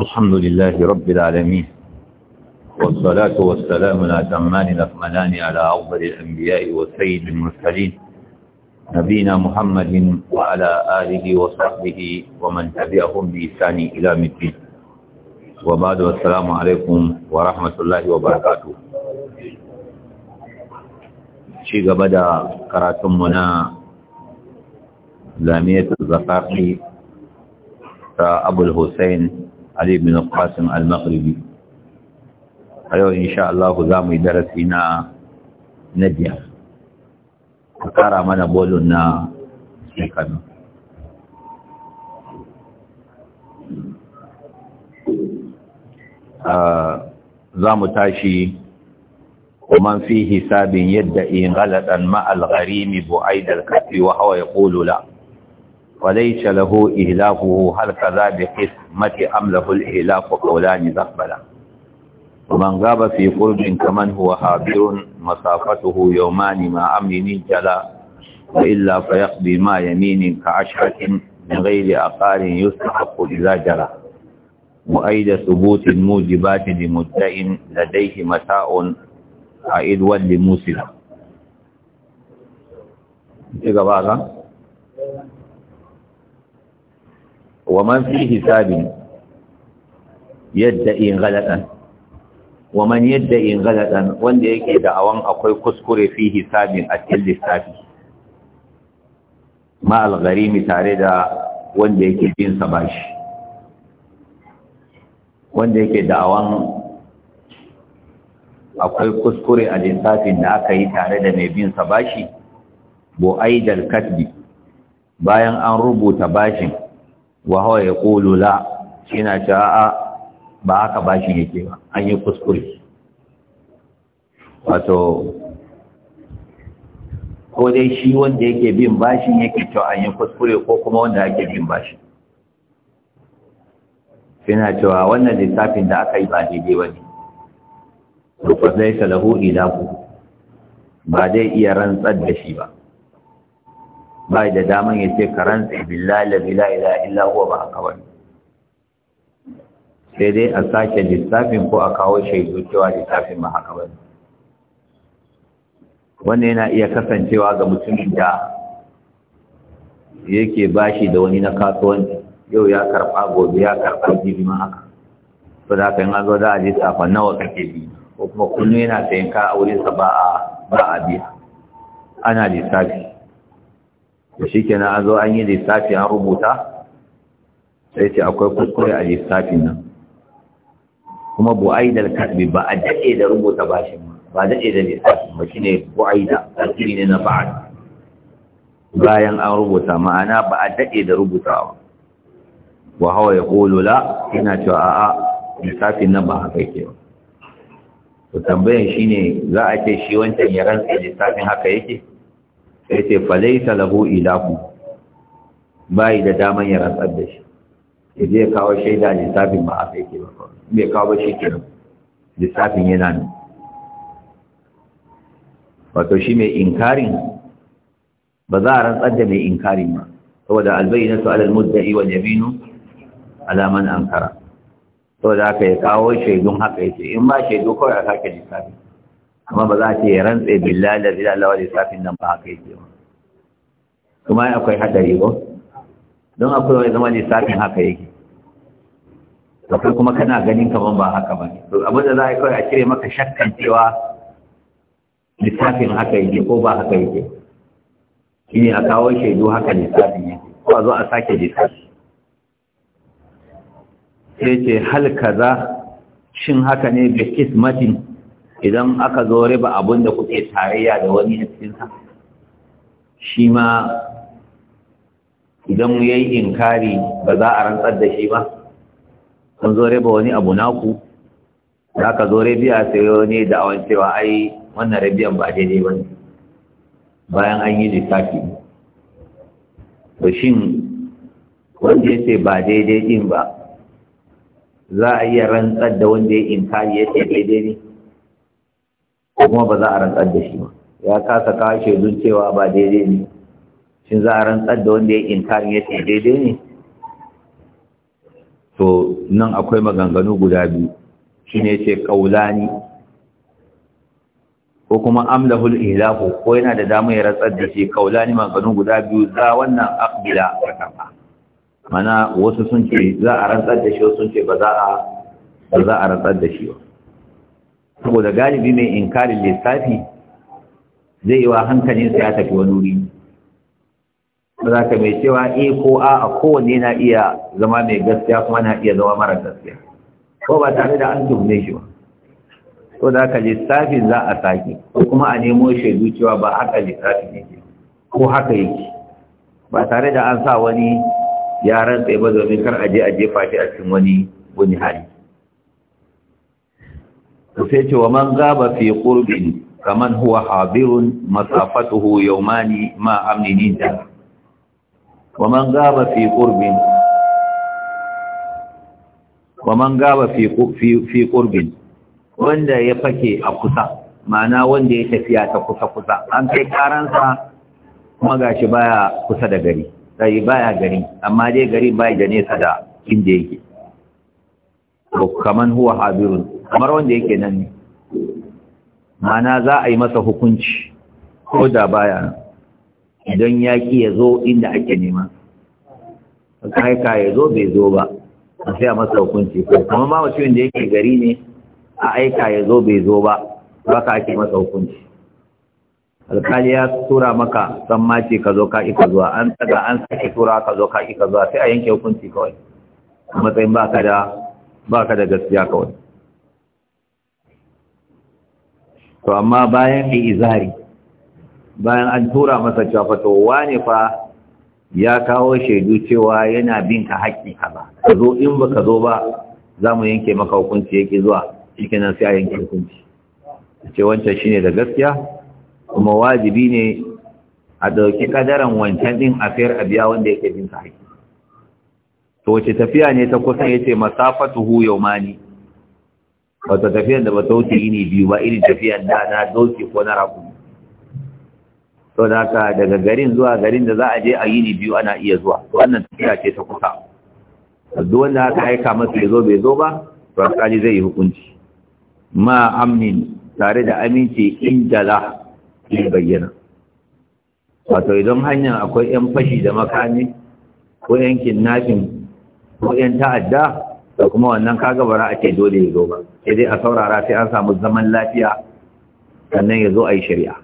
الحمد لله رب العالمين والصلاة والسلام الأتمان الأكملان على أفضل الأنبياء والسيد المرسلين نبينا محمد وعلى آله وصحبه ومن تبعهم بإحسان إلى الدين وبعد والسلام عليكم ورحمة الله وبركاته شيء بدأ قراتمنا لامية الزقاقي ta abul hussein ali bin qasim al a yau insha Allah za mu yi darasi na na ka kara mana bolin na shekaru za mu tashi ومن في حساب يدعي غلطا مع الغريم بعيد الكفر وهو يقول لا وليس له إهلاكه هل كذا بقسمة أم له الإهلاك قولان ذقبلا ومن غاب في قرب كمن هو حابر مسافته يومان ما أمن جلا وإلا فيقضي ما يمين كعشرة من غير أقار يستحق إذا جرى وأيد ثبوت الموجبات لمدع لديه متاع عائد لموسى بعضا wa man fi hisabin yadda in galadan wa man yadda in galadan wanda yake awan akwai kuskure fi hisabin a cikin lissafi ma al-gharimi tare da wanda yake bin sa bashi wanda yake awan akwai kuskure a lissafin da aka yi tare da mai bin sa bashi Aidal katbi bayan an rubuta bashin wa hawa ya ƙulu la shi na sha'a ba haka ba shi yake ba an yi kuskure wato ko dai shi wanda yake bin bashin yake cewa an yi kuskure ko kuma wanda ake bin bashin na cewa wannan lissafin da aka yi ba daidai ba ne rufar zai ila ku. ba zai iya rantsar da shi ba ba da daman ya ce karan billahi la ilaha illa huwa ba aka kawai sai dai a sake lissafin ko a kawo shaidu cewa lissafin ba haka ba wannan yana iya kasancewa ga mutumin da yake bashi da wani na kasuwanci yau ya karɓa gobe ya karɓa jibi ma haka ko da haka an zo za a lissafa nawa kake bi ko kuma kullum yana sayan ka a wurinsa ba a biya ana lissafi da shi kenan an zo an yi lissafi an rubuta sai ce akwai kuskure a lissafin nan kuma bu'aidal kasbi ba a daɗe da rubuta bashin ba daɗe da lissafin ba shine bu'aida tasiri ne na ba'ad bayan an rubuta ma'ana ba a daɗe da rubutawa wa hawa ya ƙolo la yana cewa a lissafin nan ba haka yake ba to tambayan shine za a ce shi wancan ya rantsa lissafin haka yake yace fa falaita lahu ilahu bayi da daman ya rantsar da shi ya kawo shaida lissafin ba ma afai ke ba me kawo ba shi kiran lissafin yana ne wato shi mai inkarin ba za a rantsar da mai inkarin ba saboda albayyana su alal mudda'i wal yaminu alaman ankara saboda haka ya kawo shaidun haka yace in ba shaidu kawai a sake lissafin. amma ba za a ce ya rantse billahi da billahi wa lissafin nan ba haka yake ba kuma akwai hadari ba don akwai wani zama lissafin haka yake akwai kuma kana ganin kaman ba haka ba to abin da za a yi kawai a cire maka shakkan cewa lissafin haka yake ko ba haka yake shi ne a kawo shaidu haka lissafin yake ko a zo a sake lissafi sai ce hal kaza shin haka ne bi kismatin idan aka zo riba abin da kuke tarayya da wani a cikinsa shi ma idan ya yi inkari ba za a rantsar da shi ba kun zo riba wani abu naku za ka zo rabiya sai wani da awon cewa ai wannan rabiyan ba daidai ba ne bayan an yi lissafi to shin wanda ya ce ba daidai din ba za a iya rantsar da wanda ya inkari ya ce daidai ne ko kuma ba za a rantsar da shi ba ya kasa kawo shaidun cewa ba daidai ne shin za a rantsar da wanda ya inkari ya ce daidai ne to nan akwai maganganu guda biyu shi ne ce kaulani ko kuma amlahul ihlafu ko yana da damar ya rantsar da shi kaulani maganganu guda biyu za wannan akbila mana wasu sun ce za a rantsar da shi wasu sun ce ba za a rantsar da shi ba saboda galibi mai inkarin lissafi zai yi wa hankalinsa ya tafi wani wuri ba za ka mai cewa e ko a a kowane na iya zama mai gaskiya kuma na iya zama mara gaskiya ko ba tare da an tuhume shi ba ko da ka lissafin za a sake ko kuma a nemo shaidu cewa ba haka lissafin yake ko haka yake ba tare da an sa wani yaran tsaye ba domin kar a je a jefa shi a cikin wani wani hali to sai ce wa man gaba fi ƙurbin, kaman huwa habirun masafatuhu yawmani ma amnini da wa man gaba fi ƙurbin, wa man gaba fi fi wanda ya fake a kusa ma'ana wanda ya tafiya ta kusa kusa an kai karansa kuma gashi baya kusa da gari sai baya gari amma dai gari bai da nesa da inda yake kaman huwa habirun kamar wanda yake nan ne mana za a yi masa hukunci ko da baya idan ya ki ya zo inda ake nema ka haika ya zo bai zo ba a sai a masa hukunci ko kuma ma mutumin da yake gari ne a aika ya zo bai zo ba ba ka ake masa hukunci alkali ya tura maka san mace ka zo ka ika zuwa an tsaga an sake tura ka zo ka ika zuwa sai a yanke hukunci kawai A matsayin ba ka da gaskiya kawai to amma bayan izari bayan an tura masa cewa fa to wane fa ya kawo shaidu cewa yana bin ka haƙƙi kaza ka zo in ba ka zo ba za mu yanke maka hukunci yake zuwa nan sai a yanke hukunci ce wancan shine da gaskiya kuma wajibi ne a ɗauki ƙadaran wancan ɗin a fiyar a biya wanda yake bin ka haƙƙi to wace tafiya ne ta kusa yace masafatuhu yaumani? wata tafiyar da ba ta wuce yini biyu ba irin tafiyar da na doki ko na raku to da haka daga garin zuwa garin da za a je a yini biyu ana iya zuwa to wannan tafiya ce ta kusa duk wanda aka aika masa ya zo bai zo ba to alƙali zai yi hukunci ma amnin tare da aminci inda la ya bayyana wato idan hanyar akwai 'yan fashi da makami ko 'yan kinnafin ko 'yan ta'adda da kuma wannan kaga bara ake dole ya zo ba sai dai a saurara sai an samu zaman lafiya sannan ya zo a yi shari'a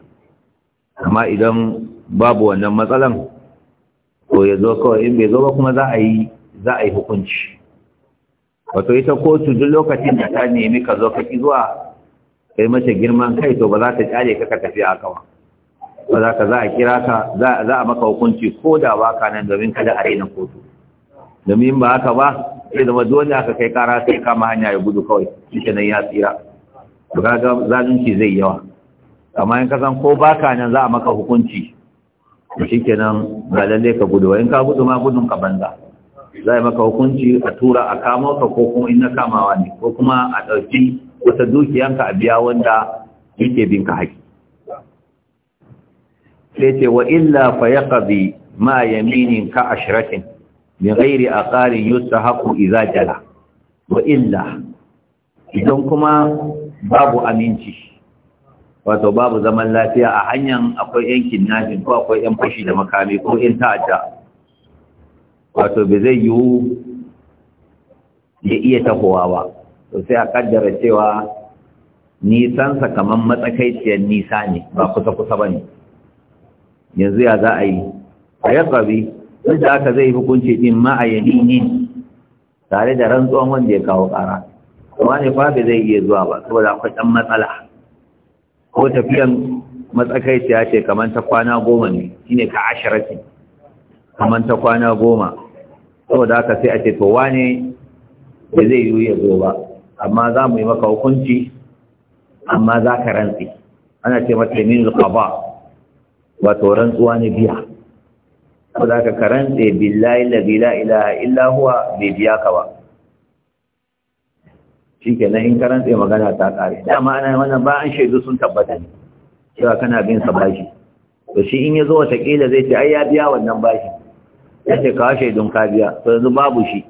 amma idan babu wannan matsalan ko ya zo kawai in bai zo ba kuma za a yi za a yi hukunci wato ita kotu duk lokacin da ta nemi ka zo ka ki zuwa kai mace girman kai to ba za ta kyale ka ka tafi a kawa ba za ka za a kira ka za a maka hukunci ko da ba ka nan domin kada a raina kotu domin ba haka ba sai zama dole aka kai kara sai kama hanya ya gudu kawai shi nan ya tsira to kaga zalunci zai yawa amma in ka san ko baka nan za a maka hukunci to shikenan ba lalle ka gudu in ka gudu ma gudun ka banza za a maka hukunci a tura a kamo ka ko kuma in na kamawa ne ko kuma a ɗauki wata dukiyanka a biya wanda yake bin ka haƙi sai ce wa illa fa yaqdi ma yaminin ka ashrakin bi ghairi aqari yustahaqqu idza jala wa illa idan kuma babu aminci wato babu zaman lafiya a hanyar akwai yankin najin ko akwai yan fashi da makami ko ta ta'adda wato bai zai yiwu ya iya tahowa ba to sai a kaddara cewa nisansa kamar matsakaiciyar nisa ne ba kusa-kusa ba ne yanzu ya za a yi a ya duk da aka zai hukunci din ma a tare da rantsuwan wanda ya kawo ƙara kuma ne fa ba zai iya zuwa ba saboda akwai ɗan matsala ko tafiyan ya ce kamar ta kwana goma ne shine ka ashirati kamar ta kwana goma saboda aka sai a ce to wane da zai yi ya zo ba amma za mu yi maka hukunci amma za ka rantsi ana ce mata yamin wato rantsuwa ne biya ko za ka karanta billahi la ilaha illa huwa bai biya ka ba shi nan in karanta magana ta kare dama ana wannan ba an shaidu sun tabbata ne cewa kana bin sa bashi to shi in yazo zo watakila zai ce ai ya biya wannan bashi ya ce ka shaidun ka biya to yanzu babu shi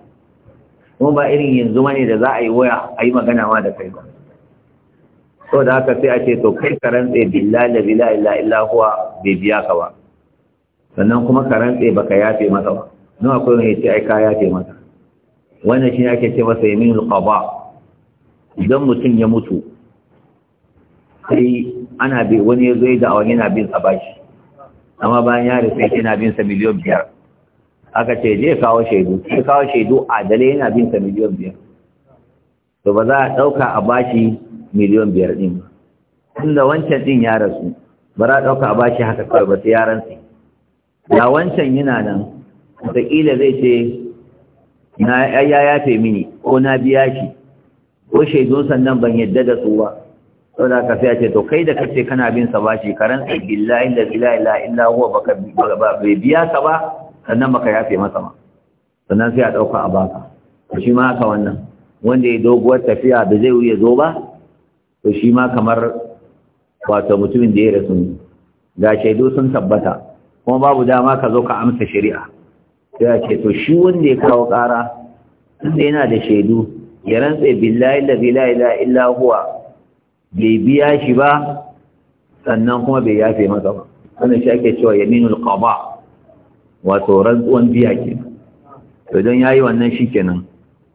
kuma ba irin yanzu mane da za a yi waya a yi magana ma da kai ba so da haka sai a ce to kai ka rantse billahi la ilaha illa huwa bai biya ka ba sannan kuma ka rantse baka yafe masa ba don akwai wani ce ai ka yafe masa wannan shi ake ce masa min qada idan mutum ya mutu sai ana bi wani ya zo da awon yana bin sabashi amma bayan ya rufe yana bin sa miliyan biyar aka ce je kawo shaidu sai kawo shaidu a dale yana bin sa miliyan biyar to ba za a ɗauka a bashi miliyan biyar ɗin ba tunda wancan ɗin ya rasu ba za a ɗauka a bashi haka kawai ba sai yaran sai da wancan yana nan wataƙila zai ce na ya yafe mini ko na biya shi ko shaidun sannan ban yadda da su ba sau da ka sai ce to kai da kace kana bin sa bashi karan la'in da ilaha la'in huwa baka bai biya ka ba sannan baka yafe masa ma sannan sai a ɗauka a baka to shi ma haka wannan wanda ya doguwar tafiya da zai wuya zo ba to shi ma kamar wato mutumin da ya rasu ga shaidu sun tabbata kuma babu dama ka zo ka amsa shari'a sai ce to shi wanda ya kawo ƙara sai yana da shaidu ya rantse billahi la ilaha illa huwa bai biya shi ba sannan kuma bai yafe masa ba wannan shi ake cewa yaminul qada wato rantsuwan biya ke to don yayi wannan shikenan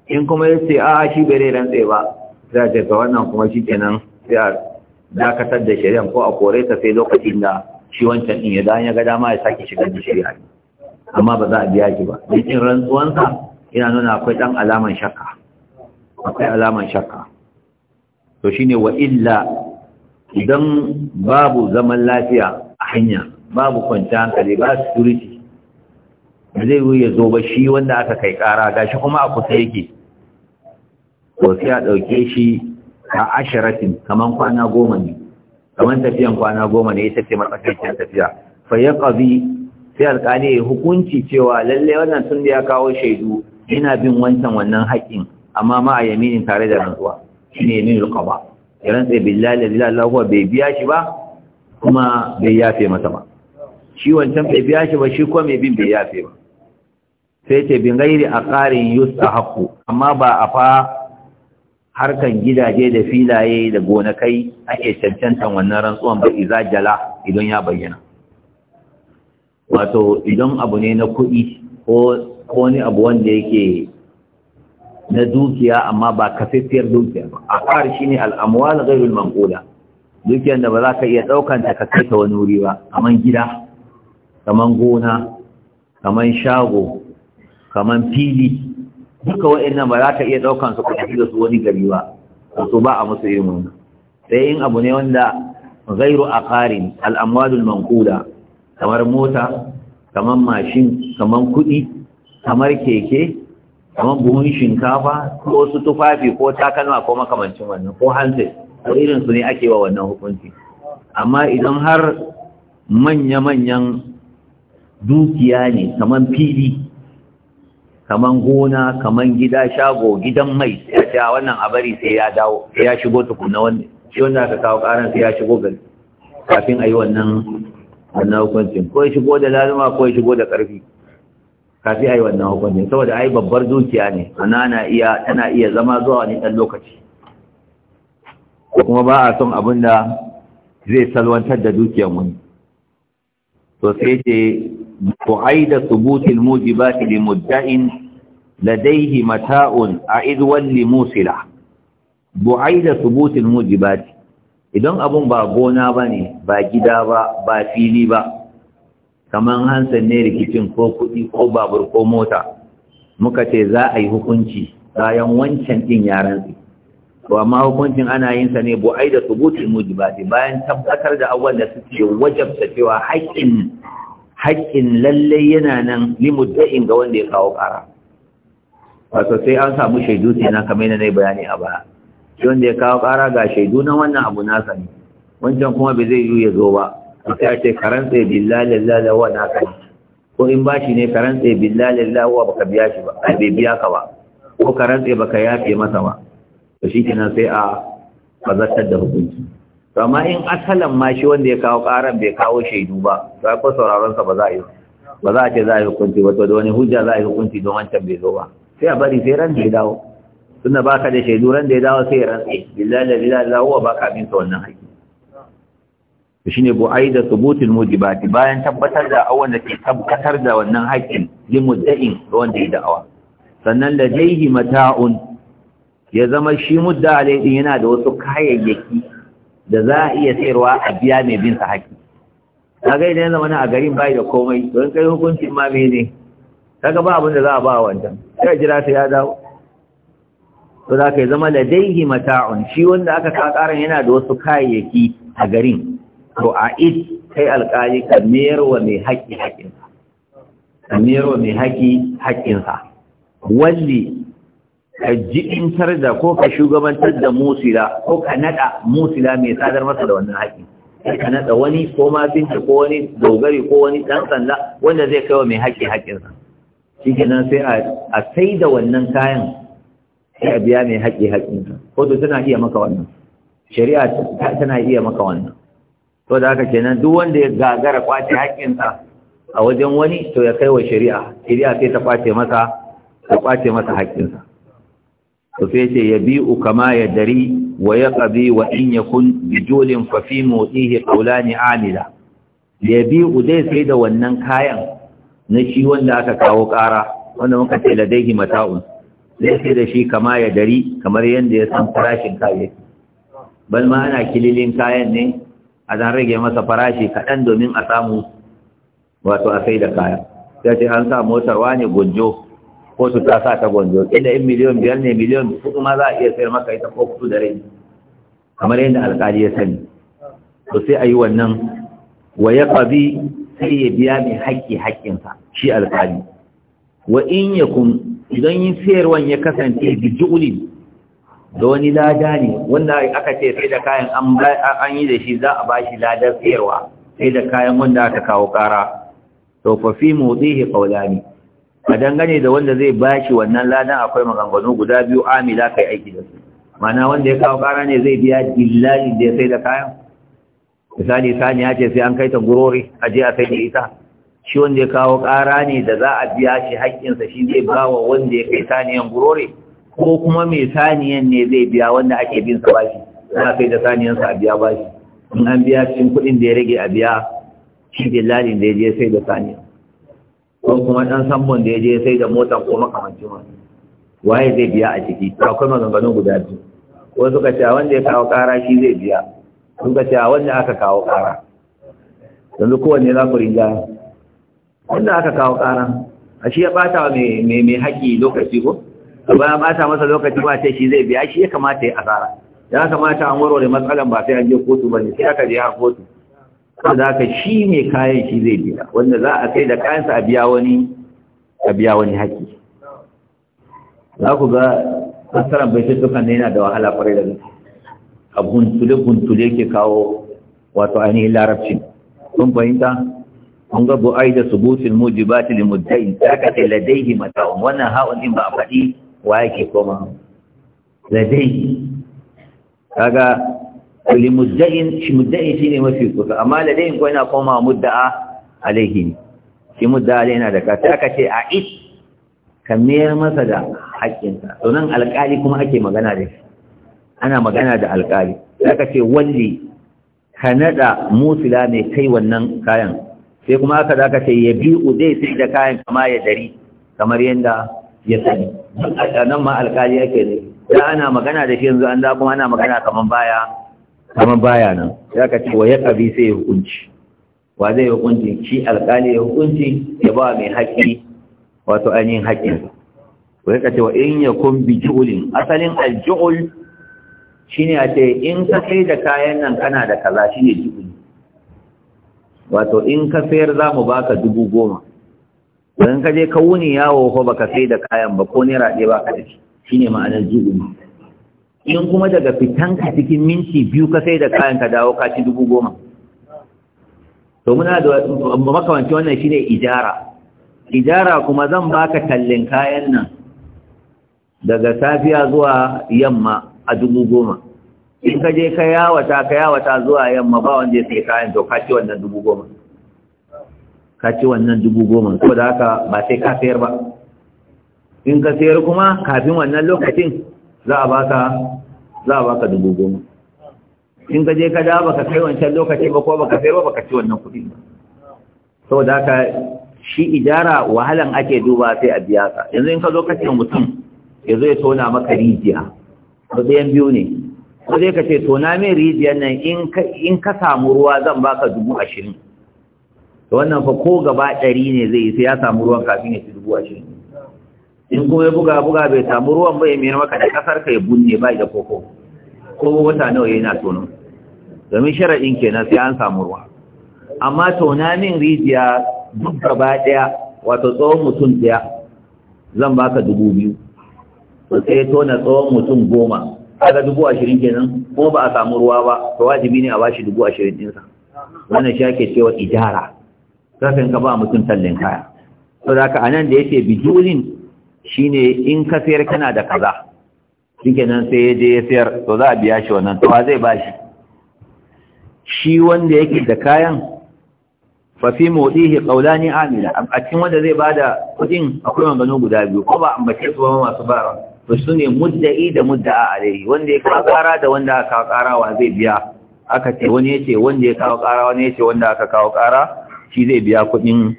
in kuma yace a a shi bai rantse ba sai ce to wannan kuma shikenan sai a dakatar da shari'a ko a kore ta sai lokacin da shi wancan ɗin ya zan ya ga dama ya sake shigar da shari'a amma ba za a biya ki ba rikin rantsuwansa yana nuna akwai ɗan alaman shakka akwai alaman shakka to shi ne wa illa idan babu zaman lafiya a hanya babu kwanci hankali ba security zai ya zo ba shi wanda aka kai kara gashi kuma a kusa yake to sai a ɗauke shi a ashiratin kaman kwana goma ne kamar tafiyan kwana goma ne ita ce matsakaicin tafiya fa ya qabi sai alƙali ya hukunci cewa lallai wannan tun da ya kawo shaidu Ina bin wancan wannan haƙƙin amma ma a yaminin tare da rantsuwa shine yaminul ba ya rantsa billahi Allah ilaha bai biya shi ba kuma bai yafe masa ba shi wancan bai biya shi ba shi kuma mai bin bai yafe ba sai ce bin gairi a ƙarin yusta haƙƙo amma ba a fa harkan gidaje da filaye da gonakai ake cancantan wannan rantsuwan ba iza jala idan ya bayyana wato idan abu ne na kuɗi ko wani abu wanda yake na dukiya amma ba kafaffiyar dukiya ba a fara shi ne al'amuwal gairul manƙoda dukiyar da ba za ka iya ɗaukanta ka kai ta wani wuri ba kamar gida kamar gona kamar shago kamar fili duka wa'annan ba za ka iya ɗaukan su kuma da su wani gari ba su ba a musu irin wannan sai in abu ne wanda gairu a ƙarin amwalul mankuda kamar mota kamar mashin kamar kuɗi kamar keke kamar buhun shinkafa ko su tufafi ko takalma ko makamancin wannan ko hanset ko irin su ne ake wa wannan hukunci amma idan har manya-manyan dukiya ne kamar fili kaman gona kaman gida shago gidan mai ya ce wannan a bari sai ya dawo sai ya shigo tukuna wannan shi wanda aka kawo karan sai ya shigo gari kafin a yi wannan wannan hukuncin ko ya shigo da laluma ko ya shigo da ƙarfi kafin a yi wannan hukuncin saboda ai babbar dukiya ne ana na iya tana iya zama zuwa wani ɗan lokaci kuma ba a son abin da zai salwantar da dukiyar wani to sai ce aida subutil mujibati li mudda'in ladaihi mata'un a iduwan limusila bu'ai da subutin idan abun ba gona ba ne ba gida ba ba fili ba kamar hansan ne rikicin ko kuɗi ko babur ko mota muka ce za a yi hukunci bayan wancan ɗin yaran su to amma hukuncin ana yin sa ne bu'ai da subutin mujibati bayan tabbatar da abubuwan da suke wajabta cewa haƙƙin haƙƙin lallai yana nan limudda'in ga wanda ya kawo ƙara wato sai an samu shaidu na kamar yadda na yi bayani a baya shi wanda ya kawo ƙara ga shaidu na wannan abu na sani. wancan kuma bai zai yi ya zo ba sai a ce karantse billahi lillahi wa na kai ko in ba shi ne karantse billahi lillahi wa baka biya shi ba ai bai biya ka ba ko karantse baka yafe masa ba to shikenan sai a bazatar da hukunci to amma in asalan ma shi wanda ya kawo ƙaran bai kawo shaidu ba to ai ko sauraron sa ba za a yi ba za a ce za a yi hukunci ba to da wani hujja za a yi hukunci don wancan bai zo ba sai a bari sai ran da ya dawo suna ba ka da shaidu ran da ya dawo sai ya rantse billahi la ilaha illa huwa baka ka bin sa wannan haƙi shine bu aida thubutul mujibati bayan tabbatar da awan da ke tabbatar da wannan haƙin limudda'in da wanda ya da'awa sannan da jaihi mata'un ya zama shi mudda alaihi yana da wasu kayayyaki da za a iya sayarwa a biya mai bin sa haƙi kaga idan zama na a garin bai da komai don kai hukuncin ma mene kaga ba abin da za a ba wancan sai jira sai ya dawo to za ka yi zama daihi mata'un shi wanda aka kakaran yana da wasu kayayyaki a garin to a it kai alƙali ka wa mai haƙƙi haƙƙinsa ka wa mai haƙƙi haƙƙinsa walli ka jiɗintar da ko ka shugabantar da musila ko ka naɗa musila mai sadar masa da wannan haƙƙi ka naɗa wani ko ma binta ko wani dogari ko wani ɗan sanda wanda zai kai wa mai haƙƙi haƙƙinsa shi kenan sai a sai da wannan kayan sai a biya mai haƙi ko to tana iya maka wannan shari'a tana iya maka wannan to da haka kenan duk wanda ya gagara kwace haƙinsa a wajen wani to ya kai wa shari'a shari'a sai ta kwace masa ta kwace masa haƙinsa to sai ce ya u kama ya dari wa ya qabi wa in yakun bijulin fa fi mutihi qawlani amila ya bi u dai sai da wannan kayan na shi wanda aka kawo ƙara wanda muka ce ladaihi mata'un zai sai da shi kama ya dari kamar yadda ya san farashin kayayyaki bal ma ana kililin kayan ne a zan rage masa farashi kaɗan domin a samu wato a sai da kaya ya ce an sa motar wane gonjo kotu ta sa ta gonjo inda in miliyon biyar ne miliyon kuɗi ma za a iya sayar maka ita ko kudu da rai kamar yadda alƙali ya sani to sai a yi wannan wa ya sai ya biya mai haƙƙi haƙƙinsa shi alƙali wa in ya kun idan yin sayarwan ya kasance bijuli da wani lada ne wanda aka ce sai da kayan an yi da shi za a bashi ladar sayarwa sai da kayan wanda aka kawo ƙara. to fa fi mawdihi qawlani a dangane da wanda zai bashi wannan ladan akwai maganganu guda biyu amila kai aiki da su Ma'ana wanda ya kawo ƙara ne zai biya dillalin da ya sai da kayan misali saniya ce sai an kai ta gurori a je a kai da ita shi wanda ya kawo ƙara ne da za a biya shi haƙƙinsa shi zai ba wa wanda ya kai saniyan gurori ko kuma mai saniyan ne zai biya wanda ake bin sa bashi za a kai da saniyansa a biya bashi in an biya cikin kuɗin da ya rage a biya shi dillalin da ya je sai da saniya ko kuma ɗan sambon da ya je sai da motan ko makamancin wa waye zai biya a ciki akwai maganganu guda biyu wasu ka ce wanda ya kawo ƙara shi zai biya kun ga cewa wanda aka kawo ƙara yanzu kowanne za ku rinja wanda aka kawo ƙara a shi ya ɓata wa mai haƙƙi lokaci ko a bayan ɓata masa lokaci ba ce shi zai biya shi ya kamata ya asara ya kamata an warware matsalan ba sai an je kotu ba ne sai aka je har kotu kuma da ka shi ne kayan shi zai biya wanda za a kai da kayansa a biya wani a biya wani haƙƙi za ku ga fassarar bai ce dukkan ne yana da wahala kwarai da gaske a buntule guntule ke kawo wato ainihin larabcin sun fahimta kun ga bu'ai da subutin mujibati li muddai kace ladaihi mata'un wannan hawan din ba a faɗi wa yake koma ladaihi kaga li muddai shi ne mafi kusa amma ladaihi ko yana koma mudda'a alaihi ne shi mudda'a alaihi yana da ka taka ce a is! ka mayar masa da haƙƙinsa sunan nan alƙali kuma ake magana da shi ana magana da alƙali sai ka ce walli ka naɗa Musula ne kai wannan kayan sai kuma aka ka ce ya bi'u zai sai da kayan kama ya dari kamar yadda ya sani nan ma alƙali yake ne da ana magana da shi yanzu an da kuma ana magana kamar baya kamar baya nan sai ka ce wa ya ƙabi sai ya hukunci wa zai hukunci shi alƙali ya hukunci ya ba mai haƙƙi wato ainihin haƙƙinsa wa ya kace wa in yakun bi ju'ulin asalin al-ju'ul ne a ce in ka sai da kayan nan kana da kaza ne jibuni wato in ka sayar za mu baka dubu goma don ka je ka wuni yawo ko ka sai da kayan ba ko naira ɗaya ba ka da shi ne ma'anar jibuni in kuma daga fitan ka cikin minti biyu ka sai da kayan ka dawo ka ci dubu goma to muna da makamanci wannan shi ne ijara ijara kuma zan baka tallin kayan nan daga safiya zuwa yamma a dubu goma in ka je ka yawata ka yawata zuwa yamma ba wanda ya sai kayan to ka ci wannan dubu goma ka ci wannan dubu goma ko da haka ba sai ka sayar ba in ka sayar kuma kafin wannan lokacin za a baka za a baka dubu goma in ka je ka dawo baka kai wancan lokacin ba ko baka sayar ba baka ci wannan kuɗi ba saboda haka shi ijara wahalan ake duba sai a biya ka yanzu in ka zo ka ce mutum ya zo ya tona maka rijiya to ɗayan biyu ne ko dai ka ce to na min rijiyar nan in ka samu ruwa zan baka dubu ashirin to wannan fa ko gaba ɗari ne zai yi sai ya samu ruwan kafin ya ci dubu ashirin in kuma ya buga buga bai samu ruwan ba ya mai maka da kasar ka ya bunne ba da koko ko wata nawa yana tono domin sharaɗin kenan sai an samu ruwa amma tona min rijiya duk gaba ɗaya wato tsawon mutum ɗaya zan baka dubu biyu to sai ya tona tsawon mutum goma kaga dubu ashirin kenan ko ba a samu ruwa ba to wajibi ne a bashi dubu ashirin ɗinsa wannan shi ake cewa ijara kasan ka ba mutum tallin kaya to da a nan da yake bijulin shine in ka sayar kana da kaza shikenan sai ya je ya sayar to za a biya shi wannan to zai bashi shi wanda yake da kayan fafi modihi kaulani amina a cikin wanda zai bada kudin akwai wangano guda biyu ko ba ambace su ba masu bara su ne mudda'i da mudda'a alaihi wanda ya kawo kara da wanda aka kawo kara wa zai biya aka ce wani ya ce wanda ya kawo kara wani ya ce wanda aka kawo kara shi zai biya kuɗin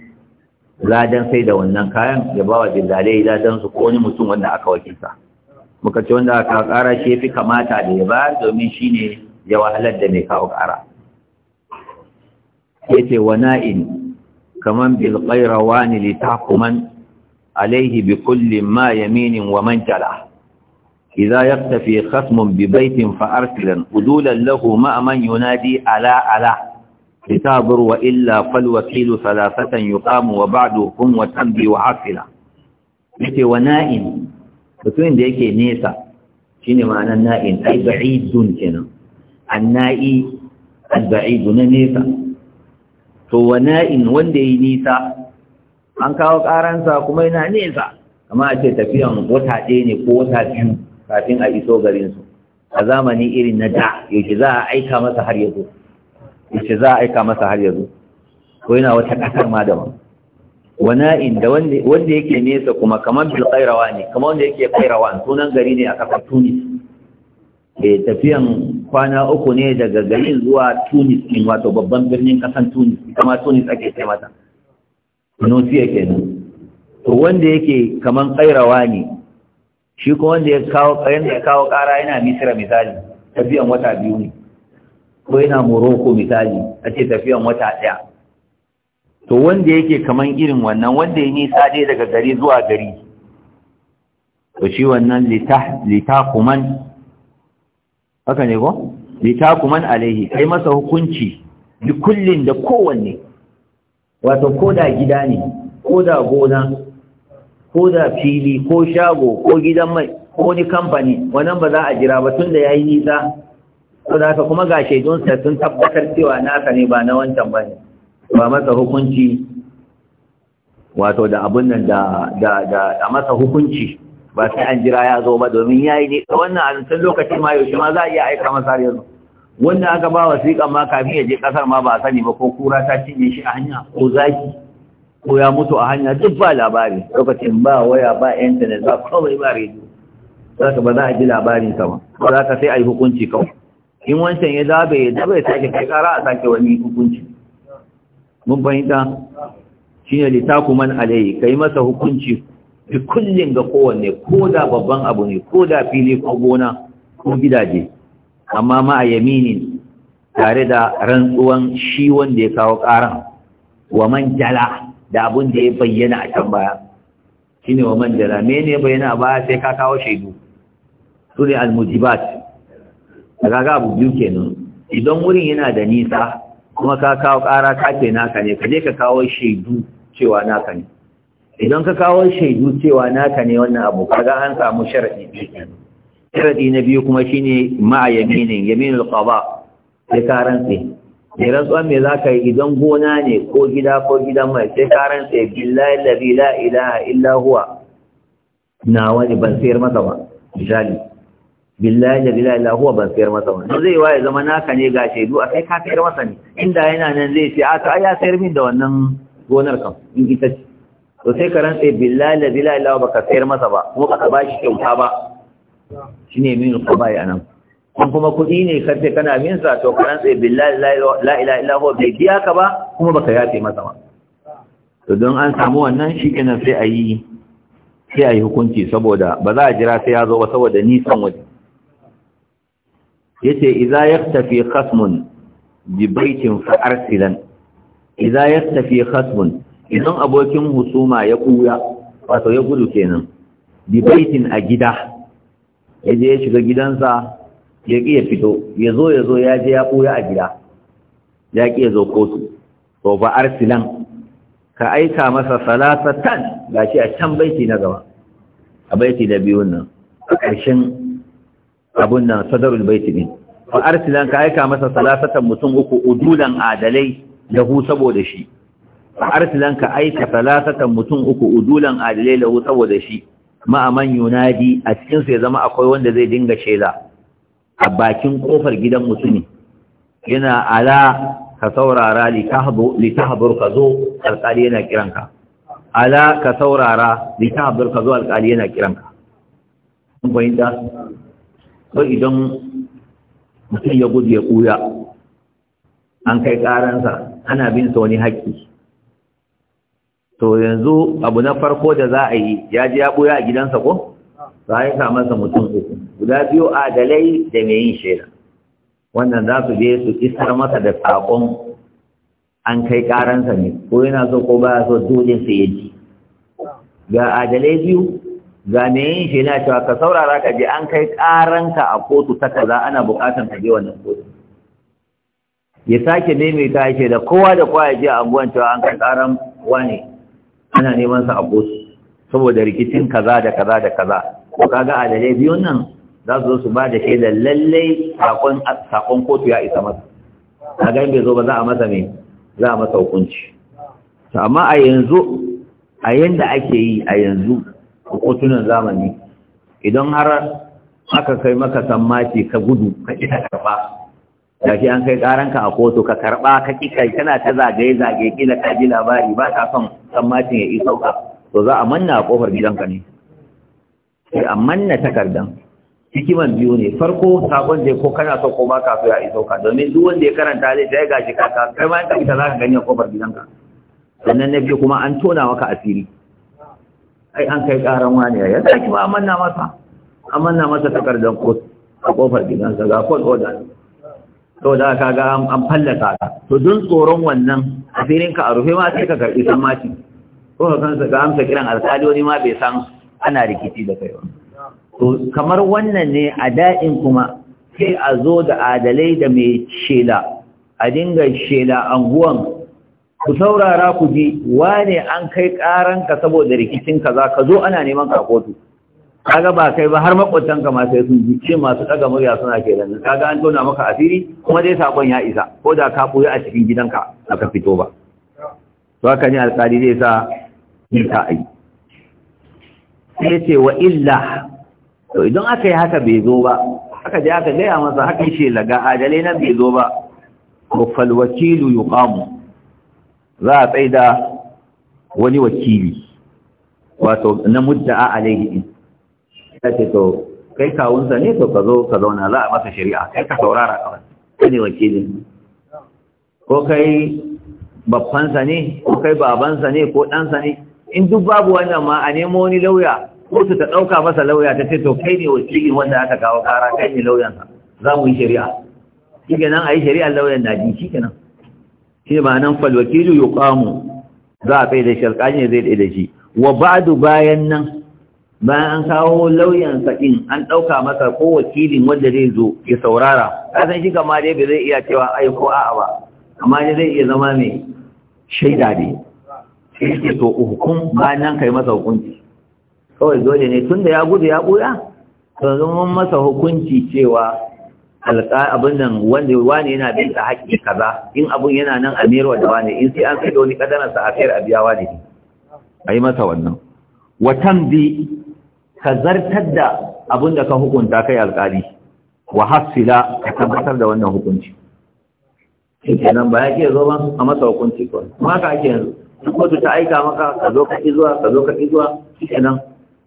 ladan sai da wannan kayan ya ba wa jindalai ladan su ko wani mutum wanda aka wakilta muka ce wanda aka kawo kara shi fi kamata da ya ba domin shi ne ya wahalar da mai kawo kara ya ce wa na'in kaman bil qairawa ne li alaihi bi kulli ma yaminin wa man jala idza yaktafi khasmun bi baitin fa arsilan udulan lahu ma man yunadi ala ala kitabur wa illa fal wakil thalathatan yuqamu wa ba'du hum wa tanbi wa hasila wa na'in mutumin da yake nesa shine nesa to wa wanda yi nisa an kawo ƙaransa kuma yana nesa kama a ce tafiyan wata ɗaya ne ko wata biyu kafin a iso garinsu a zamani irin na da yake za a aika masa har yazo yake za a aika masa har yazo ko yana wata ƙasar ma daban wana'in da wanda yake nesa kuma kamar bil kairawa ne kamar wanda yake kairawa sunan gari ne a ƙasar tunis e tafiyan kwana uku ne daga garin zuwa tunis din wato babban birnin kasan tunis kuma tunis ake ce mata nusiya kenan to wanda yake kaman kairawa ne shi ko wanda ya kawo kayan da ya kawo kara yana misira misali tafiyan wata biyu ne ko yana morocco misali a ce tafiyan wata ɗaya to wanda yake kaman irin wannan wanda ya nisa dai daga gari zuwa gari to shi wannan litakuman haka ne ko litakuman alaihi kai masa hukunci dukullin kullin da kowanne wato ko da gida ne ko da gona ko da fili ko shago ko gidan mai ko ni kamfani wannan ba za a jira ba tun da ya yi nisa ko da kuma ga sa sun tabbatar cewa naka ne ba na wancan ba ne ba masa hukunci wato da abun nan da masa hukunci ba sai an jira ya zo ba domin ya yi ne wannan a lokaci ma yaushe ma za a iya aika masa yanzu wanda aka ba wasiƙa ma kafin ya je ƙasar ma ba sani ba ko kura ta cinye shi a hanya ko zaki ko ya mutu a hanya duk ba labari lokacin ba waya ba intanet ba kawai ba rediyo za ka ba za a ji labarin ka ba ba za ka sai a yi hukunci kawai in wancan ya zaɓe ya zaɓe ya sake kai ƙara a sake wani hukunci mun fahimta shi ne littaku man alayi ka yi masa hukunci duk kullum ga kowanne ko da babban abu ne ko da fili ko gona ko gidaje amma ma a yaminin tare da rantsuwan shi wanda ya kawo ƙaran wa man jala da abin da ya bayyana a can baya shi ne wa man jala mene bayyana a baya sai ka kawo shaidu su ne almujibat da kaga abu biyu kenan idan wurin yana da nisa kuma ka kawo ƙara ka ce naka ne ka je ka kawo shaidu cewa naka ne idan ka kawo shaidu cewa naka ne wannan abu kaga an samu sharadi biyu kenan sharadi na biyu kuma shi ma'a ma'ayyaminin yamin qada sai ka rantse rantsuwa me za ka yi idan gona ne ko gida ko gidan mai sai ka rantse billahi labi la ilaha illa huwa na wani ban sayar masa ba misali billahi billahi la huwa ban sayar masa ba zai waye zama naka ne ga shaidu a kai ka sayar masa ne inda yana nan zai ce a ya sayar min da wannan gonar kan in ita ce to sai ka rantse billahi labi la ba baka sayar masa ba kuma baka bashi kyauta ba shi ne min kubai a anan kun kuma kuɗi ne kace kana min sa to karan sai billahi la ilaha illa huwa bai biya ka ba kuma baka yafe masa ba to don an samu wannan shikenan sai a yi sai a yi hukunci saboda ba za a jira sai ya zo ba saboda ni san waje yace idza yaktafi khasmun bi baitin fa arsilan idza yaktafi khasmun idan abokin husuma ya kuya wato ya gudu kenan bi baitin a gida ya je ya shiga gidansa ya ƙi ya fito ya zo ya zo ya je ya ɓoya a gida ya ƙi ya zo kotu to ba arsilan ka aika masa salasatan gashi a can baiti na gaba a baiti na biyun nan a ƙarshen abun nan sadarul baiti ne Ba arsilan ka aika masa salasatan mutum uku udulan adalai hu saboda shi Ba arsilan ka aika salasatan mutum uku udulan adalai hu saboda shi ma'aman yunadi a cikinsu ya zama akwai wanda zai dinga shaida a bakin kofar gidan mutumi yana ala ka saurara litahabur ka zo alƙali yana kiranka ala ka saurara litahabur ka zo alƙali yana kiranka fahimta ko idan mutum ya gudu ya kuya an kai ƙaransa ana bin sa wani haƙƙi to yanzu abu na farko da za a yi ya ji ya ɓoya a gidansa ko za a yi masa mutum uku guda biyu adalai da mai yin shaida wannan za su je su isar masa da saƙon an kai ƙaransa ne ko yana so ko baya so dole sai ya ji ga adalai biyu ga mai yin shaida cewa ka saurara ka je an kai ƙaranka a kotu ta kaza ana buƙatar ka je wannan kotu ya sake maimaita ya shaida kowa da kowa ya je a anguwan cewa an kai ƙaran wani ana neman sa a kotu saboda rikicin kaza da kaza da kaza ko kaga adalai biyun nan za su zo su ba da da lallai sakon sakon kotu ya isa masa a ga bai zo ba za a masa me za a masa hukunci to amma a yanzu a yanda ake yi a yanzu a kotunan zamani idan har aka kai maka sammaci ka gudu ka ita karba da shi an kai karanka a kotu ka karba ka kika kana ta zagaye zagaye kila ka ji labari ba ka son matin ya iso ka to za a manna a kofar gidanka ne sai a manna takardan hikiman biyu ne farko sakon da ko kana so ko ba ka so ya iso ka domin duk wanda ya karanta zai ta gashi ka ka kai ma in ka fita za ka gani a kofar gidanka sannan na biyu kuma an tona maka asiri ai an kai karan wani ya ki ba amanna masa amanna masa takardan ko a kofar gidansa ga court order da ka ga an fallasa ka to don tsoron wannan a ka a rufe ma sai ka karbi san ko ka kansa ga amsa kiran alƙali ma bai san ana rikici da kai ba to kamar wannan ne a da'in kuma sai a zo da adalai da mai shela a dinga shela anguwan ku saurara ku ji wane an kai ƙaranka saboda rikicin kaza ka zo ana neman ka kotu kaga ba kai ba har makwatan ka masu sai sun ji ce masu daga murya suna ke da kaga an tona maka asiri kuma dai sakon ya isa ko da ka koyi a cikin gidanka aka fito ba to haka ne alƙali zai sa ni ta ai sai ce wa illa to idan aka yi haka bai zo ba aka je aka gaya masa haka shi laga ajale nan bai zo ba ko fal wakilu yuqamu za a tsaida wani wakili wato na mudda'a alaihi ya ce to kai kawunsa ne to ka zo ka zauna za a masa shari'a kai ka saurara kawai kai ne wakilin ko kai babbansa ne ko kai babansa ne ko ɗansa ne in duk babu wannan ma a nemo wani lauya ko su ta ɗauka masa lauya ta ce to kai ne wakilin wanda aka kawo kara kai ne lauyansa za mu yi shari'a shi nan a yi shari'ar lauyan na ji shi nan shi ma nan falwakilu yuqamu za a tsaye da shi ne zai tsaye da shi wa ba'du bayan nan bayan an kawo lauyan saɗin an ɗauka masa ko wakilin wanda zai zo ya saurara kasan shi kama dai bai zai iya cewa ai ko a'a ba amma dai zai iya zama mai shaida ne sai yake so hukum bayan nan kai masa hukunci kawai dole ne tunda ya gudu ya ɓuya to masa hukunci cewa alƙa abin nan wanda wani yana bin ta haƙƙi kaza in abun yana nan a da wani in sai an sai da wani sa a fiyar a wani ne a yi masa wannan watan bi ka zartar da abin da ka hukunta kai alƙali wa hasila ka tabbatar da wannan hukunci shi nan ba ya ke zo ba a masa hukunci kawai kuma ka ake yanzu duk wata ta aika maka ka zo ka zuwa ka zo ka zuwa shi nan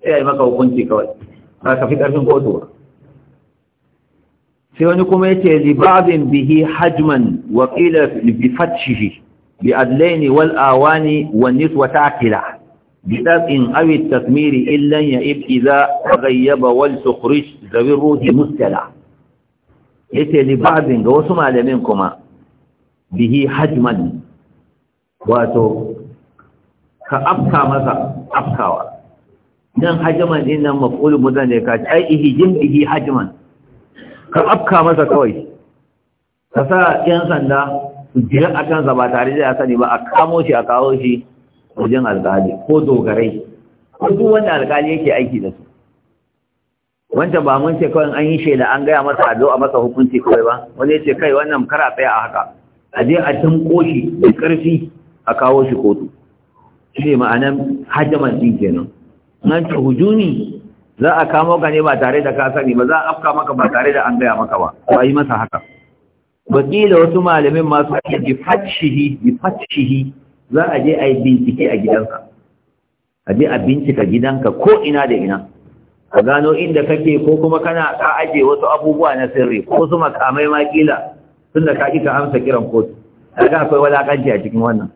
sai ya yi maka hukunci kawai ba ka fi ƙarfin kotu ba sai wani kuma yace li ba'din bihi hajman wa qila bi fathihi bi adlaini wal awani wan niswa taqila بطبع أو التثمير إلا يئب إذا تغيب والتخرج ذوي الروح مستلع yace li ba'din ga wasu malamin kuma bihi hajman wato ka afka masa afkawa dan hajman din nan maf'ul mudan ne ka ai ihijin bihi hajman ka afka masa kawai ka sa yan sanda su jira akan sa ba tare da ya sani ba a kamo shi a kawo shi wajen alƙali ko dogarai ko duk wanda alƙali yake aiki da su wanda ba mun ce kawai an yi shaida an gaya masa ado a masa hukunci kawai ba wani ya ce kai wannan kara tsaya a haka a je a tanko shi da ƙarfi a kawo shi kotu shi ne ma'anan hajjaman din kenan nan ta hujumi za a kamo ka ne ba tare da ka sani ba za a afka maka ba tare da an gaya maka ba ba yi masa haka wakila wasu malamin masu ake bi fashihi bi fashihi za a je a yi bincike a gidanka a je a bincika gidanka ko ina da ina a gano inda kake ko kuma kana ka aje wasu abubuwa na sirri ko su makamai ma kila tunda ka ki amsa kiran kotu ga akwai walakanci a cikin wannan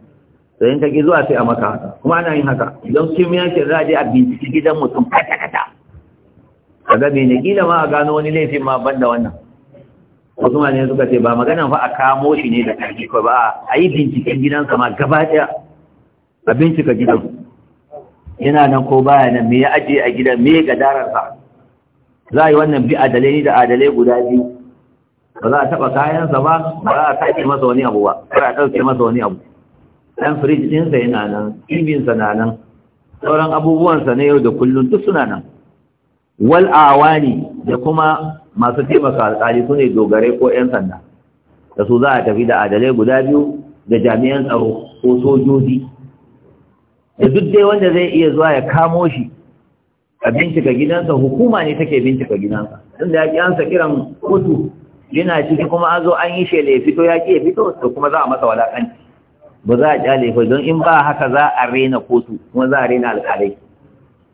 sai in ka ki zuwa sai a maka haka kuma ana yin haka idan kimiyya ke za a je a binciki gidan mutum kata kata kaga me ne kila ma a gano wani laifin ma banda wannan wasu mutane suka ce ba maganan fa a kamo shi ne da ƙarfi ko ba a yi binciken gidansa ma gaba ɗaya a bincika gidan yana nan ko baya nan me ya ajiye a gidan me ga gadararsa za a yi wannan bi adalai ni da adalai guda biyu ba za a taɓa kayansa ba ba za a sake masa wani abu ba ba a ɗauke masa wani abu ɗan firij ɗinsa yana nan ɗibinsa na nan sauran abubuwansa na yau da kullum duk suna nan wal awani da kuma masu taimaka alƙali su ne dogare ko 'yan sanda da su za a tafi da adalai guda biyu da jami'an tsaro ko sojoji da duk dai wanda zai iya zuwa ya kamo shi a bincika gidansa hukuma ne take bincika gidansa inda ya kiyansa kiran kotu yana ciki kuma an zo an yi shele ya fito ya ki ya fito da kuma za a masa walakanci ba za a kyale fa don in ba haka za a rena kotu kuma za a rena alƙalai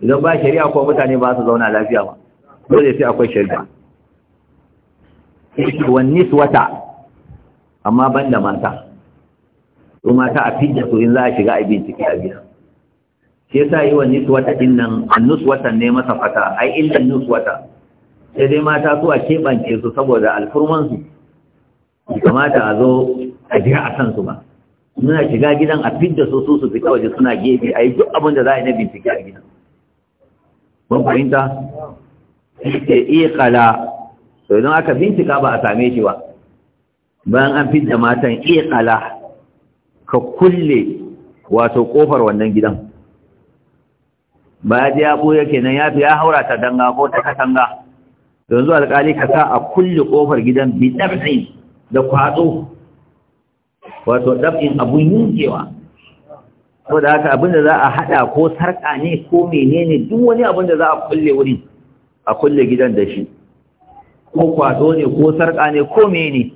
idan ba shari'a ko mutane ba su zauna lafiya ba dole sai akwai shari'a Wannis wata, amma ban da mata su mata a fidda su in za a shiga a bincike a gida shi yasa yi wani suwata din nan an watan ne masa fata ai illa niswata sai dai mata su a keɓance su saboda alfurmansu kamata a zo a jira a su ba suna shiga gidan a fidda su su su fita waje suna gefe a yi duk abin da za a yi na bincike a gidan ban fahimta? Ike iya kala Sau idan aka bincika ba a same shi ba bayan an fidda matan kala, ka kulle wato kofar wannan gidan ba ya ya ɓoye kenan ya fi ya haura ta danga ko ta katanga yanzu alƙali ka sa a kulle kofar gidan bi ɗab'in da kwatso wato ɗab'in abun yunkewa ko da haka abin da za a haɗa ko sarƙa ne ko menene duk wani abin da za a kulle wuri a kulle gidan da shi ko kwado ne ko sarƙa ne ko mene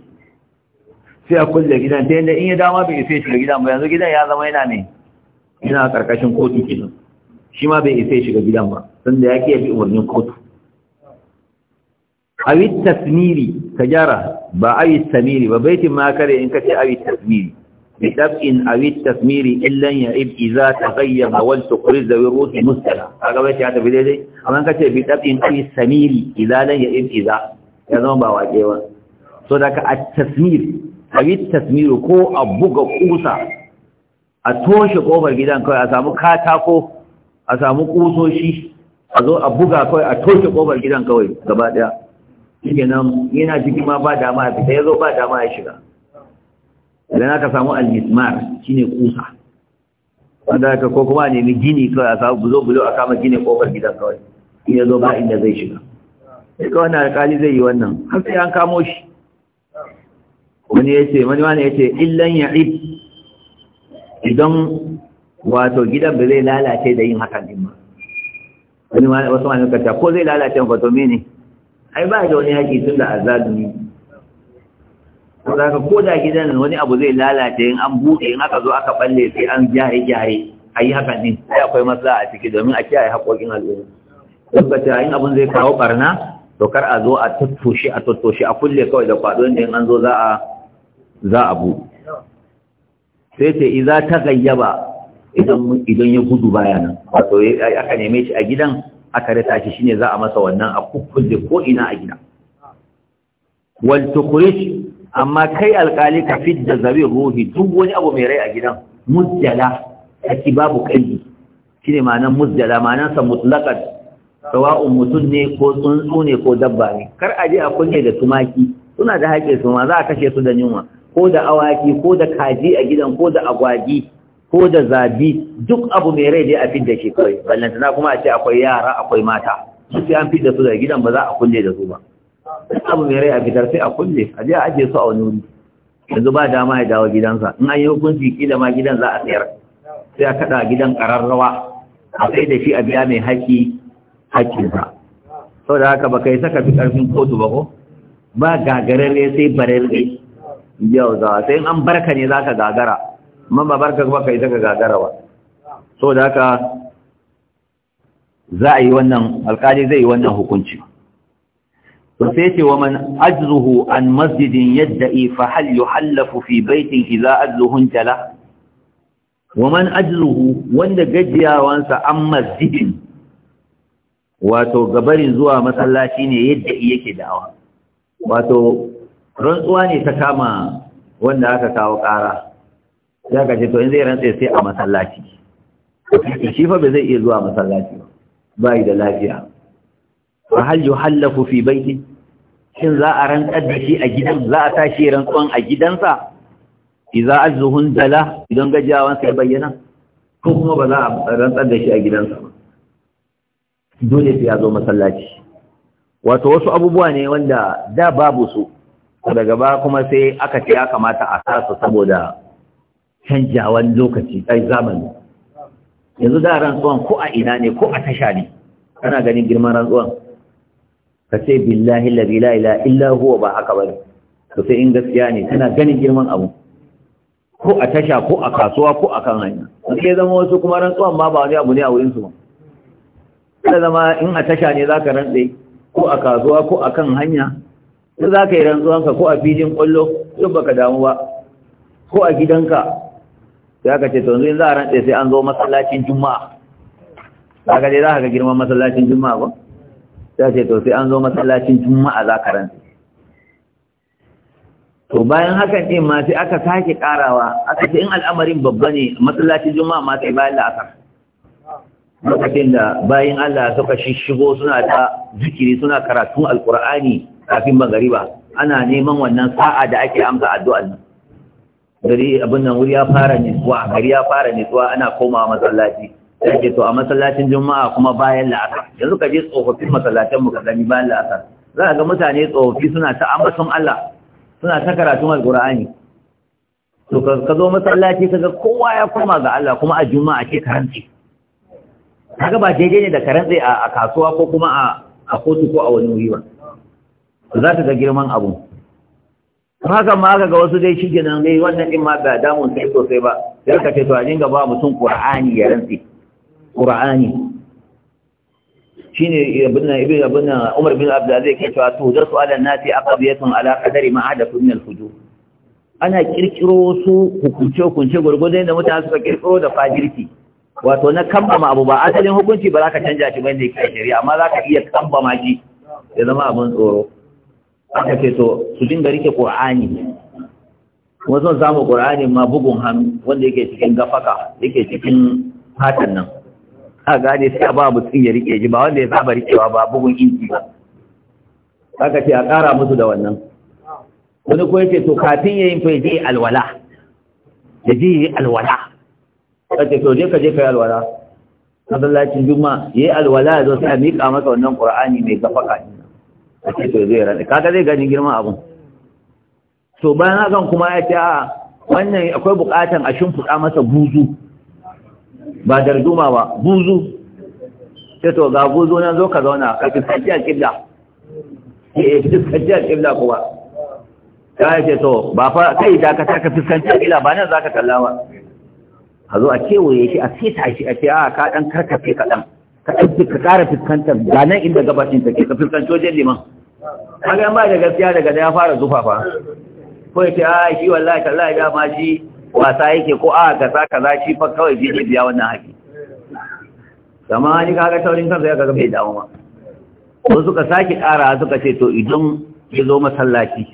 sai a kulle gidan ta yadda in ya dama bai isai shiga gidan ba yanzu gidan ya zama yana ne yana ƙarƙashin kotu nan shi ma bai isai shiga gidan ba sanda ya ke yafi umarnin kotu awi tasmiri ta gyara ba awi tasmiri ba baitin ma kare in ka ce awi tasmiri tasmiri بدفء أو rufe إلا da ka تغير والتقرز ذوي الروح مستلع أقبلت هذا في ذلك أما أنك بدفء أو tasmiri إذا ya يعب iza ya zama ba waƙe ba so daga a tasmir a yi tasmiru ko a buga kusa a toshe kofar gidan kawai a samu katako a samu kusoshi a zo a buga kawai a toshe kofar gidan kawai gaba daya shike nan yana jiki ma ba dama ya fita ya zo ba dama ya shiga idan aka samu almismar shine kusa wanda aka ko kuma nemi gini kawai a samu buzo bulo a kama gini kofar gidan kawai in ya zo ba inda zai shiga duka wani alkali zai yi wannan har sai an kamo shi wani ya ce wani wani ya ce illan ya ɗi idan wato gidan ba zai lalace da yin hakan din ba wani wasu wani kata ko zai lalace wato mene ai ba da wani haƙi tun da ne ko za ka koda gidan wani abu zai lalace in an buɗe in aka zo aka balle sai an gyare-gyare a yi hakan din sai akwai matsala a ciki domin a kiyaye haƙoƙin al'umma tabbata in abin zai kawo ɓarna to kar a zo a tattoshi a tattoshi a kulle kawai da kwado ne an zo za a za a bu sai ce iza ta gayyaba idan idan ya gudu baya nan wato aka neme shi a gidan aka rasa shi shine za a masa wannan a kukkulle ko ina a gidan wal tukhrij amma kai alkali ka fidda zabi ruhi duk wani abu mai rai a gidan muzdala kaci babu kai shine ma'anar muzdala ma'anar sa mutlaqat sawa'un mutum ne ko tsuntsu ne ko dabba ne kar a je a kunne da tumaki suna da haƙe su ma za a kashe su da yunwa ko da awaki ko da kaji a gidan ko da agwagi ko da zabi duk abu mai rai dai a fidda shi kawai ballantana kuma a ce akwai yara akwai mata su sai an fidda su da gidan ba za a da su ba abu mai rai a fitar sai a kunne a je a ajiye su a wani wuri yanzu ba dama ya dawo gidansa in an yi hukunci kila ma gidan za a sayar sai a kaɗa gidan ƙararrawa a sai da shi a biya mai haƙi ba sau da haka ba yi saka fi ƙarfin kotu ba ko ba ne sai ne yau za sai an barka ne za ka gagara man ba barka ba yi saka gagara ba sau da haka za a yi wannan alƙali zai yi wannan hukunci to sai ce wa man ajruhu an masjidin yadda'i fa hal hallafu fi baitin za ajruhun jala wa man ajruhu wanda gajiyawansa an masjidin wato gabarin zuwa masallaci ne yadda yake da'awa wato rantsuwa ne ta kama wanda aka kawo ƙara ya gaji to in zai rantsa sai a masallaci shi fa bai zai iya zuwa masallaci ba yi da lafiya A hal yuhallafu fi baiki shin za a rantsar da shi a gidan za a tashi rantsuwan a gidansa idza azzuhun dala idan gajiyawan sai bayyana ko kuma ba za a rantsar da shi a gidansa ba dole sai ya zo masallaci wato wasu abubuwa ne wanda da babu su daga ba kuma sai aka ce ya kamata a kasa saboda canjawan lokaci ɗan zamani yanzu da rantsuwan ko a ina ne ko a tasha ne kana ganin girman rantsuwan ka ce billahi la ila illa huwa ba haka bane to sai in gaskiya ne kana ganin girman abu ko a tasha ko a kasuwa ko a kan hanya sai zama wasu kuma rantsuwan ma ba wani abu ne a wurin su ba ta zama in a tasha ne za ka rantse ko a kasuwa ko a kan hanya ko za ka yi rantsuwanka ko a filin kwallo duk baka damu ba ko a gidanka Ya ka ce yanzu in za a rantse sai an zo masallacin juma'a za ka je za ka girma girman masallacin juma'a ba ya ce to sai an zo masallacin juma'a za ka rantse to bayan hakan ɗin ma sai aka sake karawa aka ce in al'amarin babba ne masallacin juma'a ma sai bayan la'asar lokacin da bayan Allah suka shishigo suna ta zikiri suna karatun alkur'ani kafin magariba ana neman wannan sa'a da ake amsa addu'an nan gari abin nan wuri ya fara zuwa gari ya fara zuwa ana komawa masallaci sai ke to a masallacin juma'a kuma bayan la'asar yanzu ka je tsofaffin masallacin mu ka gani bayan la'asar za ka ga mutane tsofaffi suna ta ambaton Allah suna ta karatun alkur'ani to ka zo masallaci ga kowa ya koma ga Allah kuma a juma'a ke karanta kaga ba daidai ne da ka rantse a kasuwa ko kuma a kotu ko a wani wuri ba za ka ga girman abu haka ma aka ga wasu dai shi nan ne wannan din ma ga damun sai sosai ba sai ka ce to a dinga ba mutum qur'ani ya rantse qur'ani shine abin nan ibn abin nan Umar bin Abdul Aziz ke cewa to da su'alan ala nasi aqdiyatun ala qadari ma hadathu min al-fujur ana kirkiro su hukunce hukunce gurgurdai da mutane suka kirkiro da fajirki wato na kambama abu ba asalin hukunci ba za ka canja shi bane kai shari'a amma za ka iya kambama shi ya zama abin tsoro aka ce to su dinga rike qur'ani kuma zan samu qur'ani ma bugun hannu wanda yake cikin gafaka yake cikin hatan nan a gane sai a ba mutum ya rike shi ba wanda ya saba rikewa ba bugun inji ba aka ce a ƙara musu da wannan wani ko yake to kafin yayin fa je alwala ya je alwala ka ce to je ka je ka yi alwala masallacin juma'a ya yi alwala ya zo sai a miƙa masa wannan ƙur'ani mai gafaka ne a ce to zai rana kaga zai gani girman abun to bayan hakan kuma ya ce a wannan akwai buƙatan a shimfiɗa masa buzu ba darduma ba buzu sai to ga buzu nan zo ka zauna ka fuskanci alƙibla ke eh, fuskanci alƙibla kuma ya ce to ba fa kai da ka ta ka fuskanci alƙibla ba nan za ka kalla ba a zo a kewaye shi a fita shi a fiya a ah, ka dan karkace kaɗan ka ɗauki ka ƙara fuskantar ga nan inda gabashin take ka fuskanci wajen liman kaga ba da gaskiya daga da ya fara zufafa ko ya ce a ah, shi wallahi tallahi da ma shi wasa yake ko ah, a ka za shi fa kawai shi ne biya wannan haƙi kama ni kaga taurin kansa ya kaga bai damu ma ko suka sake ƙara suka ce to idan ya zo masallaci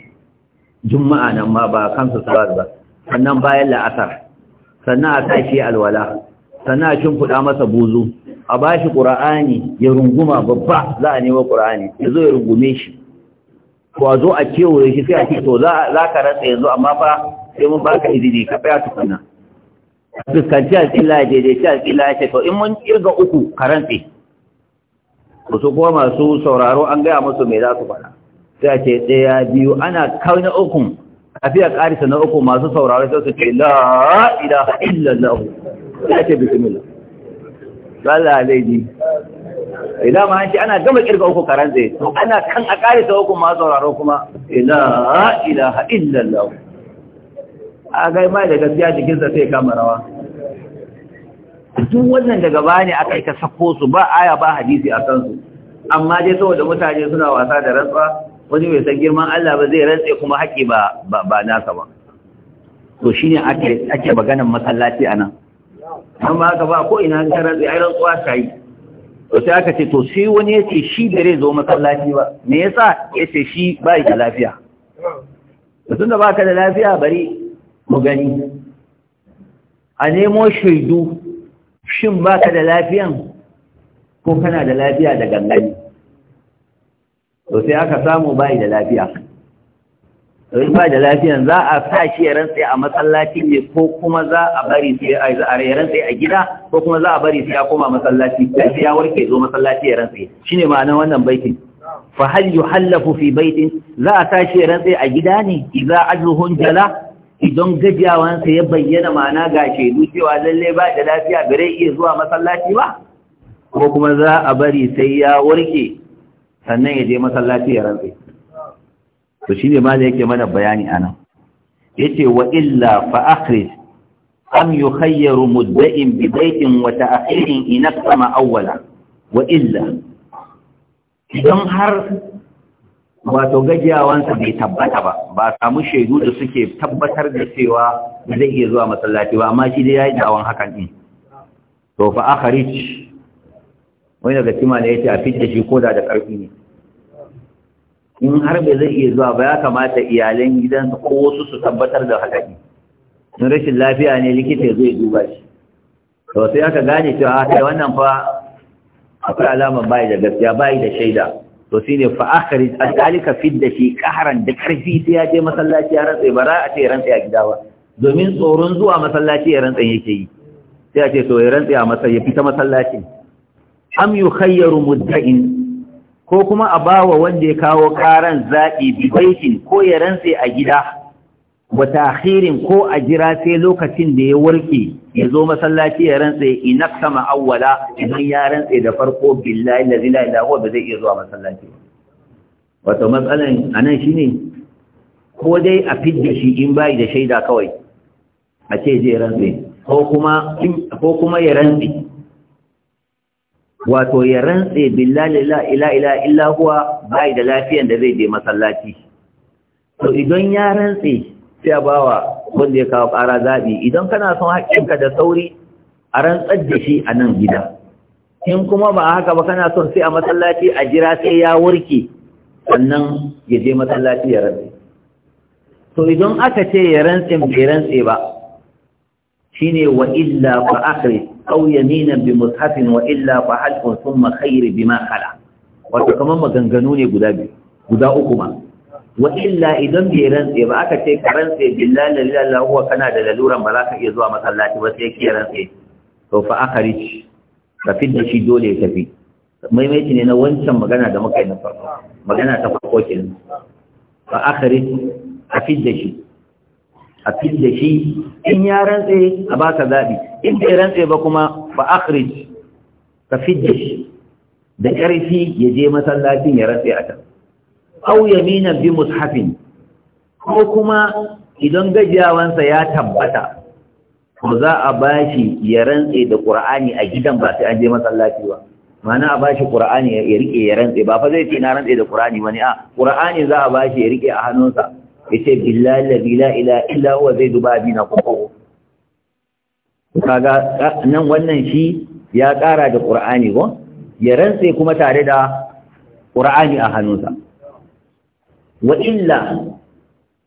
juma'a nan ma ba kansa salat ba sannan bayan la'asar sannan a sa shi alwala sannan a shimfiɗa masa buzu a ba shi ƙura'ani ya runguma babba za a nemo ƙura'ani ya zo ya rungume shi ko a zo a kewaye shi sai a ce to za ka rasa yanzu amma fa sai mun baka izini ka tsaya tukuna fuskanci alƙila daidaici alƙila ya ce to in mun kirga uku ka rantse wasu kuma masu sauraro an gaya musu mai za su faɗa sai a ce ɗaya biyu ana kauna ukun kafi a ƙarisa na uku masu saurari sai su ce la ilaha illallah ya ce bismillah Allah alaiji ila eh, ma ce ana gama kirga uku karantse to ana kan a ƙarisa uku masu sauraro kuma la ilaha illallah a gai mai da gaskiya jikinsa sai kama rawa duk wannan daga baya ne aka yi sako su ba aya ba hadisi a kansu amma dai saboda mutane suna wasa da rantsuwa wani mai san girman Allah ba zai rantse kuma haƙi ba ba nasa ba to shine ake ake maganar masallaci anan amma haka ba ko ina ka rantse ai rantsuwa ta yi to sai aka ce to sai wani ya ce shi da zai zo masallaci ba me yasa ya ce shi ba da lafiya tun da baka da lafiya bari mu gani a nemo shaidu shin baka da lafiyan ko kana da lafiya da gangani sai aka samu bai da lafiya in bai da lafiyan za a sa shi ya rantse a masallaci ne ko kuma za a bari sai a a gida ko kuma za a bari sai ya koma masallaci sai ya warke zo masallaci ya rantse shine ma'anar wannan baitin fa hal yuhallafu fi baitin za a sa shi ya rantse a gida ne idan ajruhun jala idan gajiyawansa ya bayyana ma'ana ga shaidu cewa lalle ba da lafiya bare iya zuwa masallaci ba ko kuma za a bari sai ya warke sannan ya je masallaci ya rantse to shi ne ma da yake mana bayani a nan ya ce wa illa fa akhrij am yukhayyaru mudda'in bi wata wa ta'akhirin in aqama awwala wa illa idan har wato gajiyawansa bai tabbata ba ba samu shaidu da suke tabbatar da cewa zai iya zuwa masallaci ba amma shi dai yayi dawon hakan din to fa wani daga cima ne ya ce a fidda shi ko da ƙarfi ne in har bai zai iya zuwa ba ya kamata iyalan gidansa ko wasu su tabbatar da haka ne rashin lafiya ne likita zai duba shi to sai aka gane cewa ah, kai wannan fa akwai alamar bai da gaskiya ba da shaida to shine fa akhri alika fidda shi ƙaran da ƙarfi sai ya je masallaci ya rantsa ba za a ce rantsa ya gida ba domin tsoron zuwa masallaci ya rantsa yake yi sai a ce to ya rantsa a masallaci ya fita masallacin am yukhayyaru mudda'in ko kuma a bawa wanda ya kawo karan zaɓi bi ko ya rantse a gida wa ta'khirin ko a jira sai lokacin da ya warke ya zo masallaci ya rantse ina sama awwala idan ya rantse da farko billahi la ilaha illa huwa ba zai iya zuwa masallaci wato matsalan anan shine ko dai a fidda shi in bai da shaida kawai a ce je rantse ko kuma ko kuma ya rantse wato ya rantse billahi la ilaha illa huwa bai da lafiyan da zai je masallaci to idan ya rantse sai a bawa wanda ya kawo ƙara zabi idan kana son hakkinka da sauri a rantsar da shi a nan gida in kuma ba haka ba kana son sai a masallaci a jira sai ya warke sannan ya je masallaci ya rantse to idan aka ce ya rantse bai rantse ba shine wa illa fa akhri aw yaminan bi mushafin wa illa fa halqun thumma khayr bima khala wato kaman maganganu ne guda biyu guda uku ma wa illa idan bai rantse ba aka ce ka rantse billahi la ilaha huwa kana da laluran ba za ka iya zuwa masallaci ba sai ki rantse to fa akhri ka fidda shi dole ya tafi maimaici ne na wancan magana da muka yi na farko magana ta farko kenan fa akhri ka fidda shi a fil da shi in ya rantse a baka zabi in bai rantse ba kuma ba akhrij ka da shi da ƙarfi ya je masallacin ya rantse a can aw yamina bi mushafin ko kuma idan gajiyawansa ya tabbata ko za a bashi ya rantse da qur'ani a gidan ba sai an je masallaci ba mana a bashi qur'ani ya rike ya rantse ba fa zai ce na rantse da qur'ani wani a qur'ani za a bashi ya rike a hannunsa ita billahi la ilaha illa huwa zaidu babina kuku kaga nan wannan shi ya kara da qur'ani go? ya rantse kuma tare da qur'ani a hannunsa wa illa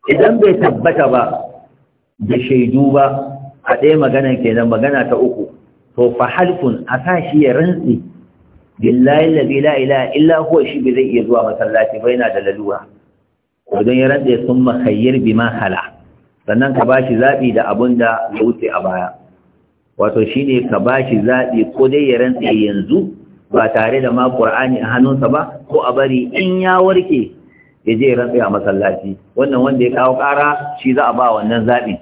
idan bai tabbata ba da shaidu ba a ɗaya magana kenan magana ta uku to fa halfun a sa shi ya rantse billahi la ilaha illa huwa shi bai zai iya zuwa masallaci ba yana da lalura wajen ya rantse sun makayyar bi ma hala sannan ka bashi zaɓi da abun da ya wuce a baya wato shine ka bashi zaɓi ko dai ya rantse yanzu ba tare da ma ƙur'ani a hannunsa ba ko a bari in ya warke ya je rantse a masallaci wannan wanda ya kawo ƙara shi za a ba wannan zaɓi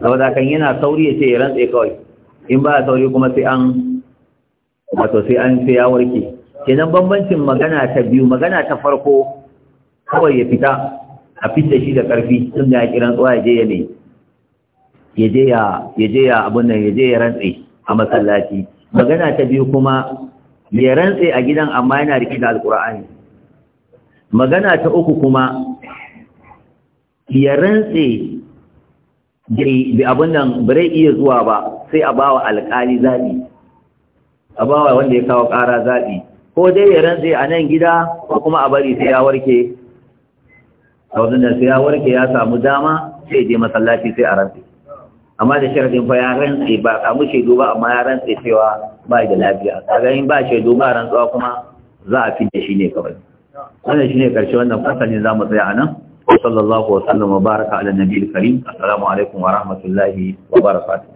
saboda kan yana sauri ya ce ya rantse kawai in ba sauri kuma sai an wato sai an sai ya warke kenan bambancin magana ta biyu magana ta farko kawai ya fita a fita shi da ƙarfi tun da ya kiran tsawa ya je ya ne ya je ya abin nan ya je ya rantse a masallaci magana ta biyu kuma ya rantse a gidan amma yana rike da alkur'ani magana ta uku kuma ya rantse da abin nan bare iya zuwa ba sai a bawa alkali zaɓi a bawa wanda ya kawo ƙara zaɓi ko dai ya rantse a nan gida ko kuma a bari sai ya warke a da sai ya warke ya samu dama sai je masallaci sai a rantse amma da sharadin fa ya rantse ba samu shaidu ba amma ya rantse cewa ba da lafiya a ganin ba shaidu ba rantsuwa kuma za a fi da shi ne kawai wannan ne karshe wannan fasalin mu tsaya a nan sallallahu wa sallam wa baraka ala nabiyil karim assalamu alaikum wa rahmatullahi wa barakatuh